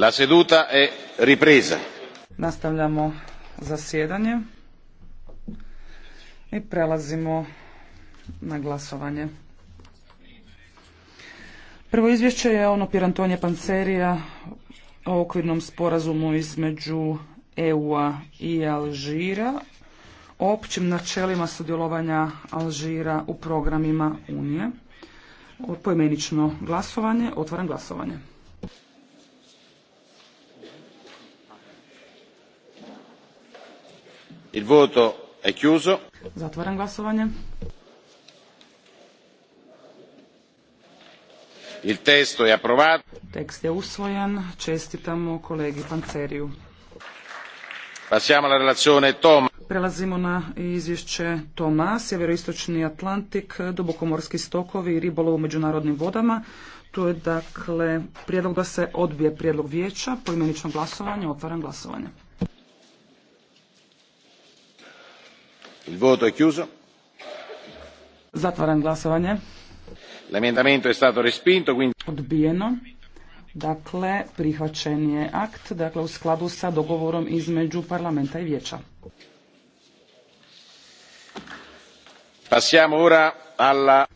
La seduta è ripresa. Nastavljamo zasjedanje i prelazimo na glasovanje. Prvo izvješće je ono Pirantonje Pancerija o okvirnom sporazumu između EU-a i Alžira o općim načelima sudjelovanja Alžira u programima Unije. Poimenično glasovanje, otvaram glasovanje. Il voto è Zatvaram glasovanje. Il testo è approvato. Tekst je usvojen. Čestitamo kolegi Panceriju. Passiamo alla Prelazimo na izvješće Tomas. sjeveroistočni Atlantik, dubokomorski stokovi i ribolov u međunarodnim vodama. Tu je dakle prijedlog da se odbije prijedlog vijeća, poimenično glasovanje, otvaram glasovanje. il voto è chiuso zatvaram glasovanje l'emendamento è stato respinto quindi odbijeno dakle prihvaćen je akt dakle u skladu sa dogovorom između parlamenta i vijeća passiamo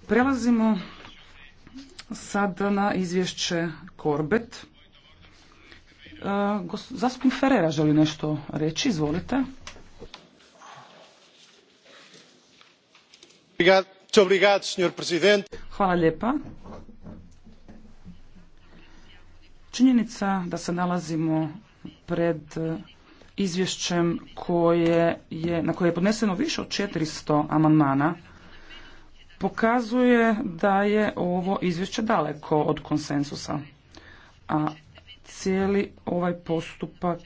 prelazimo sada na izvješće Korbet. E, zastupnik Ferreira želi nešto reći, izvolite. Hvala lijepa. Činjenica da se nalazimo pred e, izvješćem koje na koje je podneseno više od 400 amandmana pokazuje da je ovo izvješće daleko od konsensusa. A cijeli ovaj postupak